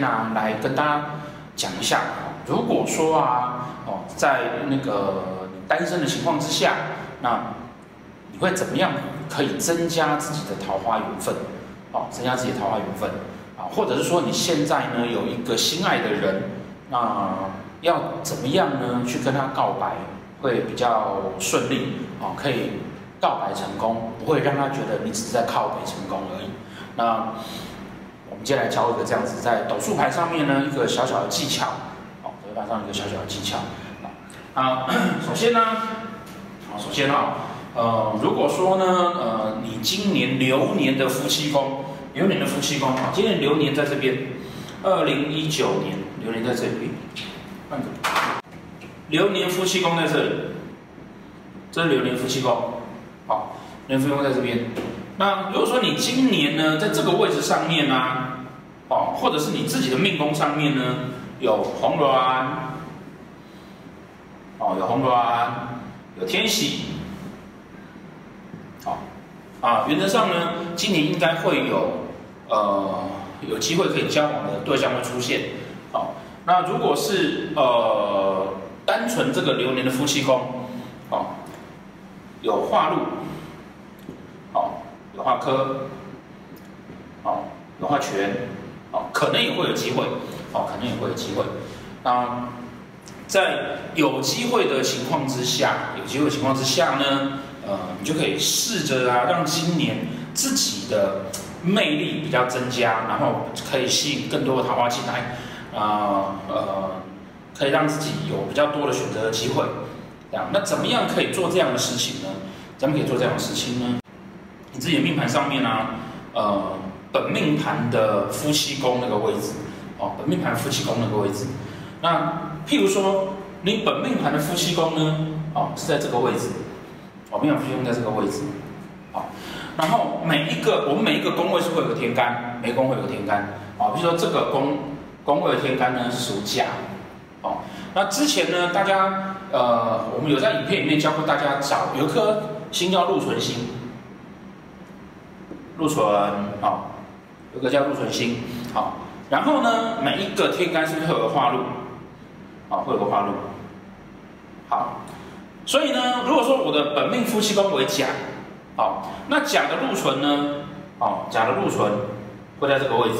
那來跟大家講一下，如果說啊，哦，在那個單身的情況之下，那你會怎麼樣可以增加自己的桃花緣分？哦，增加自己的桃花緣分啊，或者是說你現在呢有一個心愛的人，那要怎麼樣呢去跟他告白會比較順利？哦，可以告白成功，不會讓他覺得你只是在靠北成功而已。那我們接下來教一個這樣子，在斗數盤上面呢，一個小小的技巧。好，斗數盤上一個小小的技巧。啊，首先呢，首先啊、哦，呃，如果說呢，呃，你今年流年的夫妻宮，流年的夫妻宮，今年流年在這邊，二零一九年流年在這邊，流年夫妻宮在這裡，這是流年夫妻宮，好，流年夫妻宮在這邊。那如果說你今年呢，在這個位置上面呢、啊，哦，或者是你自己的命宮上面呢，有紅鸞，哦，有紅鸞，有天喜，好、哦，啊，原則上呢，今年應該會有，呃，有機會可以交往的對象會出現，好、哦，那如果是呃，單純這個流年的夫妻宮，好、哦，有化祿。有化科，哦，有化權，哦，可能也會有機會，哦，可能也會有機會。啊、呃，在有機會的情況之下，有機會的情況之下呢，呃，你就可以試着啊，讓今年自己的魅力比較增加，然後可以吸引更多的桃花進來，啊呃，呃，可以讓自己有比較多的選擇的機會。啊，那怎麼樣可以做這樣的事情呢？咱們可以做這樣的事情呢？自己命盤上面呢，啊，呃，本命盤的夫妻宮那個位置，哦，本命盤夫妻宮那個位置，那譬如說你本命盤的夫妻宮呢，哦，是在這個位置，我哦，命盤用在這個位置，好，哦，然後每一個我們每一個宮位是會有個天干，每個宮會有個天干，哦，比如說這個宮宮位的天干呢是屬甲，哦，那之前呢大家呃，我們有在影片裡面教過大家找有一顆星叫祿存星。祿存，好，有個叫祿存星，好，然後呢，每一個天干是不是有個化祿，好，會有個化祿，好，所以呢，如果說我的本命夫妻宮為甲，好，那甲的祿存呢，哦，甲的祿存會在這個位置，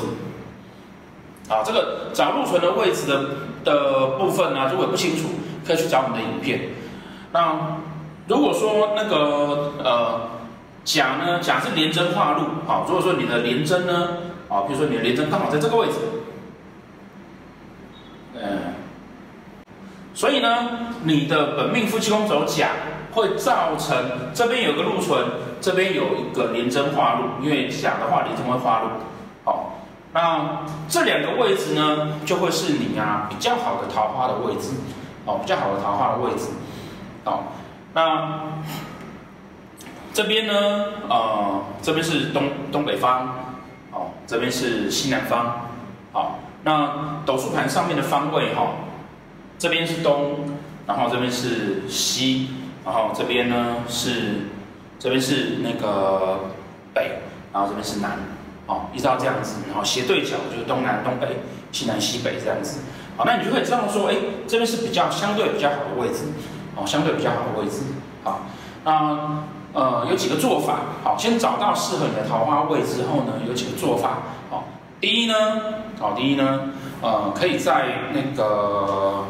啊，這個找祿存的位置的的部分呢、啊，如果不清楚，可以去找我們的影片。那如果說那個呃。甲呢？甲是廉貞化祿，好、哦。如果說你的廉貞呢，好、哦，比如說你的廉貞剛好在這個位置，嗯，所以呢，你的本命夫妻宮走甲，會造成這邊有個祿存，這邊有一個廉貞化祿，因為甲的話廉貞會化祿，好、哦。那這兩個位置呢，就會是你啊比較好的桃花的位置，哦，比較好的桃花的位置，哦，那。這邊呢，呃，這邊是東東北方，哦，這邊是西南方，好、哦，那斗數盤上面的方位哈、哦，這邊是東，然後這邊是西，然後這邊呢是，這邊是那個北，然後這邊是南，哦，依照這樣子，然後斜對角就是東南、東北、西南、西北這樣子，好、哦，那你就可以知道說，哎，這邊是比較相對比較好的位置，哦，相對比較好的位置，好、哦，那。呃，有幾個做法。好，先找到適合你的桃花位置之後呢，有幾個做法。好，第一呢，好、哦，第一呢，呃，可以在那個，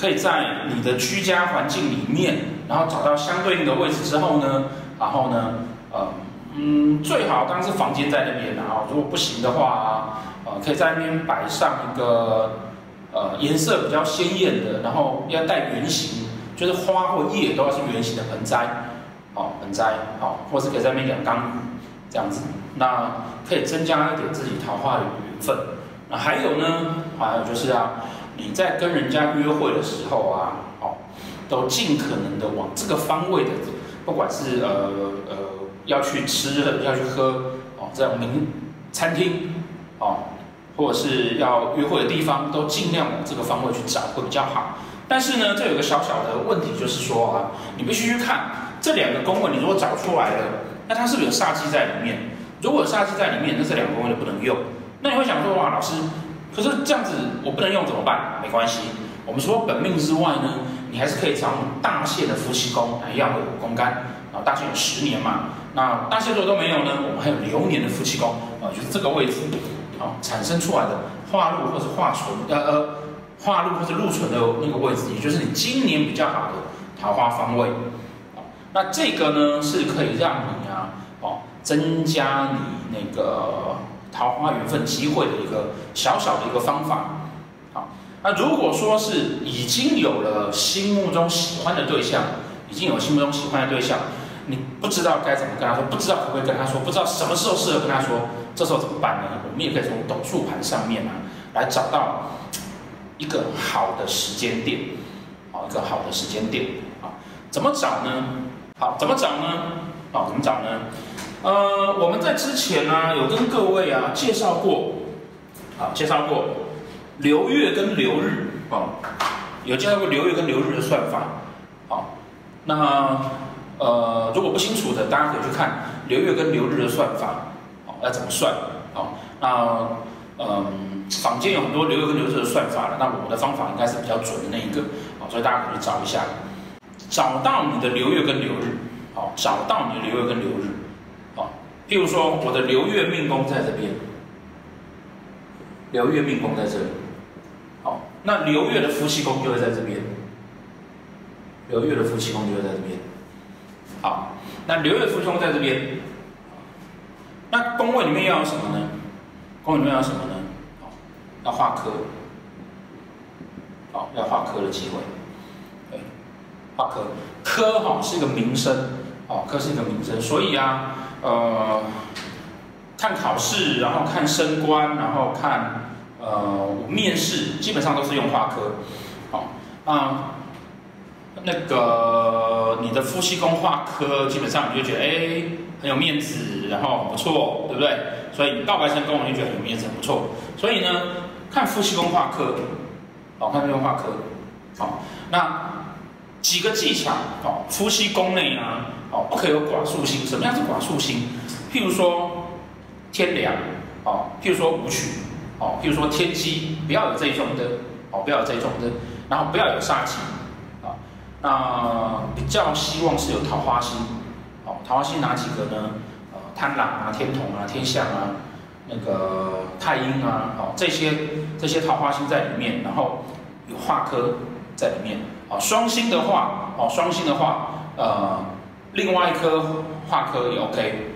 可以在你的居家環境裡面，然後找到相對應的位置之後呢，然後呢，呃，嗯，最好當然是房間在那邊啊。如果不行的話、啊，呃，可以在那邊擺上一個呃顏色比較鮮豔的，然後要帶圓形，就是花或葉都要是圓形的盆栽。好、哦，盆栽好，或是可以在那養缸魚，這樣子，那可以增加一點自己桃花的緣分。那還有呢，還、啊、有就是啊，你在跟人家約會的時候啊，哦，都盡可能的往這個方位的，不管是呃呃要去吃的，要去喝，哦，在名餐廳哦，或者是要約會的地方，都盡量往這個方位去找會比較好。但是呢，這有個小小的問題，就是說啊，你必須去看。這兩個宮位，你如果找出來了，那它是不是有煞氣在裡面？如果有煞氣在裡面，那這兩個宮位就不能用。那你會想說哇，老師，可是這樣子我不能用怎麼辦？沒關係，我們除了本命之外呢，你還是可以找大限的夫妻宮，一樣的宮干啊。大限有十年嘛，那大限如果都沒有呢，我們還有流年的夫妻宮啊，就是這個位置啊，產生出來的化祿或是化存呃呃，化祿或是祿存的那個位置，也就是你今年比較好的桃花方位。那這個呢，是可以讓你啊，哦，增加你那個桃花緣分機會的一個小小的一個方法，好、哦，那如果說是已經有了心目中喜歡的對象，已經有心目中喜歡的對象，你不知道該怎麼跟他說，不知道可不可以跟他說，不知道什麼時候適合跟他說，這時候怎麼辦呢？我們也可以從斗數盤上面啊，來找到一個好的時間點，啊、哦，一個好的時間點，啊、哦，怎麼找呢？好，怎麼找呢？啊、哦，怎麼找呢？呃，我們在之前呢、啊、有跟各位啊介紹過，啊，介紹過流月跟流日啊、哦，有介紹過流月跟流日的算法。好、哦，那呃，如果不清楚的，大家可以去看流月跟流日的算法，好、哦，要怎麼算？好、哦，那嗯、呃，坊間有很多流月跟流日的算法了，那我的方法應該是比較準的那一個，啊、哦，所以大家可以找一下。找到你的流月跟流日，好，找到你的流月跟流日，好。譬如說，我的流月命宮在這邊，流月命宮在這裡，好。那流月的夫妻宮就會在這邊，流月的夫妻宮就會在這邊，好。那流月夫妻宮在這邊，那宮位裡面要有什麼呢？宮位裡面要有什麼呢？好，要化科，好，要化科的機會。化科科哈是一個名聲，哦科是一個名聲，所以啊，呃，看考試，然後看升官，然後看呃面試，基本上都是用化科，好、哦、啊、嗯，那個你的夫妻宮化科，基本上你就覺得誒，很有面子，然後很不錯，對不對？所以告白成功，我就覺得很有面子很不錯，所以呢，看夫妻宮化科，好、哦、看用化科，好、哦、那。幾個技巧，好夫妻宮內啊，哦，不可以有寡宿星。什麼樣子寡宿星？譬如說天梁，哦，譬如說武曲，哦，譬如說天機，不要有這一種的，哦，不要有這一種的。然後不要有煞氣啊。那比較希望是有桃花星，哦，桃花星哪幾個呢？呃，貪狼啊，天同啊，天相啊，那個太陰啊，好，這些這些桃花星在裡面，然後有化科在裡面。哦、雙星的話，哦，雙星的話，呃，另外一顆化科也 OK，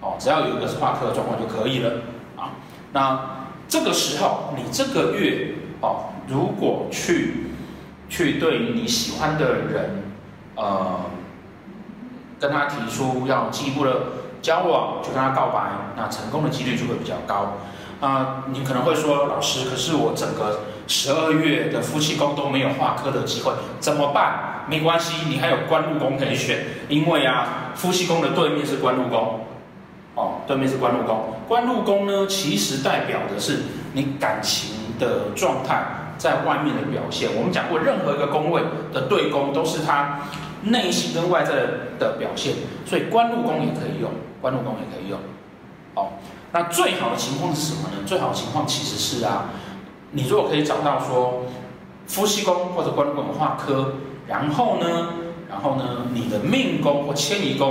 哦，只要有一個是化科的狀況就可以了啊。那這個時候，你這個月哦，如果去去對你喜歡的人，呃，跟他提出要進一步的交往，就跟他告白，那成功的幾率就會比較高。啊、呃，你可能會說老師，可是我整個十二月的夫妻宮都沒有化科的機會，怎麼辦？沒關係，你還有官祿宮可以選，因為啊，夫妻宮的對面是官祿宮，哦，對面是官祿宮。官祿宮呢，其實代表的是你感情的狀態在外面的表現。我們講過，任何一個宮位的對宮都是他內心跟外在的表現，所以官祿宮也可以用，官祿宮也可以用，哦那最好的情況是什麼呢？最好的情況其實是啊，你如果可以找到說夫妻宮或者官祿宮化科，然後呢，然後呢，你的命宮或遷移宮，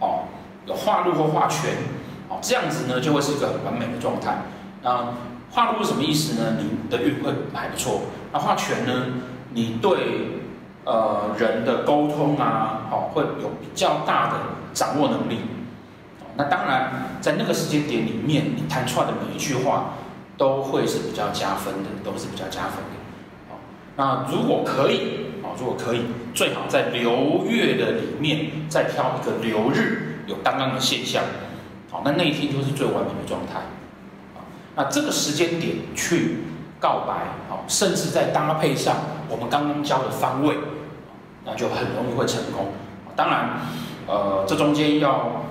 哦，有化祿或化權，哦，這樣子呢就會是一個很完美的狀態。那化祿是什麼意思呢？你的運會還不錯。那化權呢？你對呃人的溝通啊，哦，會有比較大的掌握能力。那當然，在那個時間點裡面，你談出來的每一句話都會是比較加分的，都是比較加分的。好，那如果可以，好，如果可以，最好在流月的裡面再挑一個流日，有剛剛的現象，好，那那一天就是最完美的狀態。那這個時間點去告白，好，甚至在搭配上我們剛剛教的方位，那就很容易會成功。當然，呃，這中間要。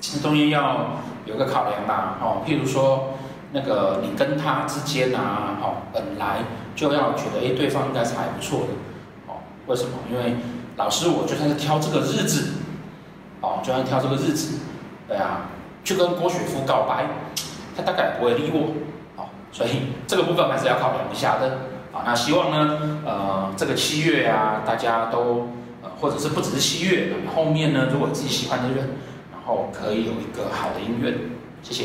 其實東西要有個考量吧，啊，哦，譬如說，那個你跟他之間啊，哦，本來就要覺得，誒，對方應該是還不錯的，哦，為什麼？因為老師，我就算是挑這個日子，哦，就算挑這個日子，對啊，去跟郭雪芙告白，他大概不會理我，哦，所以這個部分還是要考量一下的，啊，哦，那希望呢，呃，這個七月啊，大家都，呃，或者是不只是七月，後面呢，如果自己喜歡的人。哦，可以有一個好的姻緣，謝謝。